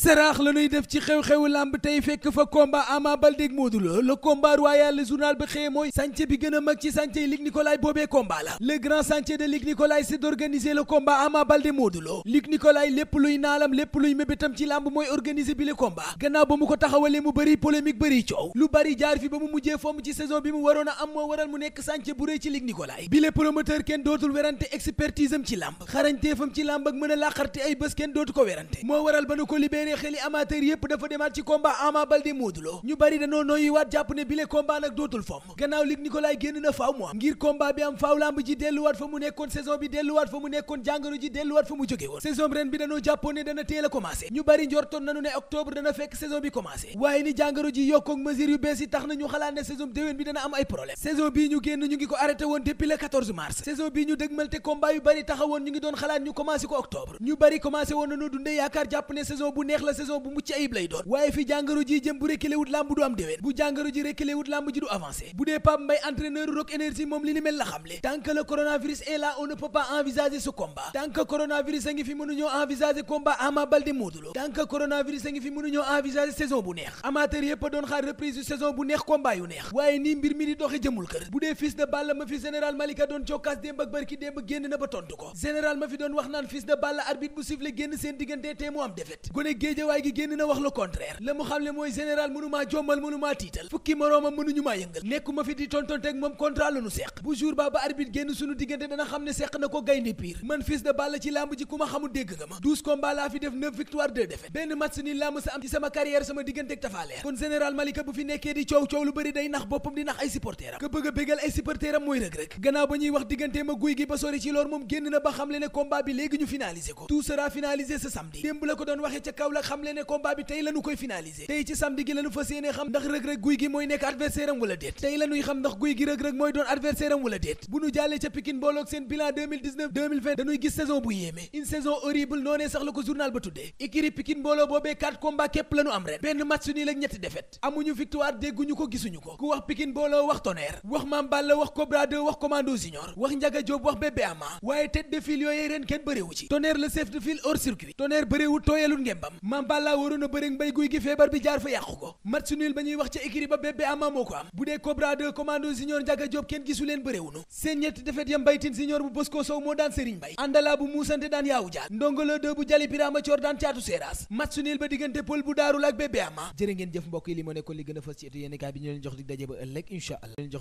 seraax la ñuy def ci xew-xewu lamb tey fekk fa combat Ama Baldé ak Modou Lô le combat journal bi xëye mooy chantier bi gën a mag ci chantier Luc Nicolaï boobee combat la le grand chantier de Luc Nicolaï c'est d'organiser le combat Ama Baldé Modou Lô Luc lépp luy naalam lépp luy mébétam ci lamb mooy organiser bi le combat gannaaw ba mu ko taxawalee mu bëri polémique bëri coow lu bëri jaar fi ba mu mujjee fomm ci saison bi mu waroon a am moo waral mu nekk chantier bu rëy ci Luc Nicolaï bi le promoteur kenn dootul werante expertise am ci lamb xarañteefam ci lamb ak mën a laqarte dootu ko werante moo dalee xeli amateur yépp dafa demaat ci combat Ama Baldé Modou ñu bari danoo nooyu waat jàpp ne bile combat nag dootul fomm gannaaw Luc Nicolaï génn na faaw mu am ngir combat bi am faaw lamb ji delluwaat fa mu nekkoon saison bi delluwaat fa mu nekkoon jàngoro ji delluwaat fa mu jóge woon saison bi danoo jàppoon ne dana teel a commencé ñu bari njortoon nanu ne octobre dana fekk saison bi commencé waaye ni jàngoro ji yokkook mesure yu bees yi tax na ñu xalaat la saison bu mucc lay doon waaye fi jàngaro ji jëm bu rékkale wut lamb du am déwén bu jàngaro ji rékkale wut lamb ji du avancé bu dee Pape Mbaye entraîneur Rock Énergie moom li ni mel la xamle tant que coronavirus est là on envisager ce combat tant coronavirus a ngi fi mënuñoo envisager combat amateur yépp doon xaar reprise yu saison bu neex combat yu neex waaye nii mbir mi di doxi jëmul kër bu dee fils na ba tontu ma fi doon wax naan géejawaay gi génn na wax le contraire la mu xam le mooy général mënumaa jommal mënumaa tiital fukki moroomam mënuñu maa yëngal nekkuma fi di tontonteeg moom contrat la nu seq bu ko di nax ay supporteram ka bëgg a bégal ay supporteram mooy Reug Reug gannaaw ba ñuy wax diggantee ma guy gi ba sori ci loor moom génn na ba xamle ne combat bi léegi ñu finaliser ko tout sera finalisé ce démb la ko doon waxee ca kaw Kaolack xam le ne combat bi tey lañu koy finaliser tey ci samedi gi lañu fas yéene xam ndax rëg-rëg guy gi mooy nekk adversaire am déet tey lañuy xam ndax guy gi rëg-rëg mooy doon adversaire am déet bu ñu jàllee ca Pikine booloog seen bilan 2019 gis saison bu yéeme une saison horrible noonee sax la ko journal ba tuddee écurie Pikine mbooloo boobee quatre combats képp am ren benn match nii la ñetti défaite amuñu victoire dégguñu ko gisuñu ko ku wax maam balla waroon a bëre mbay guy gi feebar bi jaar fa yàqu ko match nul ba ñuy wax ca écurie ba bébé ama moo ko am bu dee Cobra commando junior njaga kenn gisu leen bëréwunu seen ñetti defet ya mbaytin junior bu Bosco Sow moo daan Serigne Mbay àndalaa bu muusante daan yaawu jaal ndongolo 2 bu jali piraama coor daan caatu seeraas match nul ba diggante pël bu daarul ak bébé ama jërë ngeen jëf mbokk yi li li gën a fas ci étu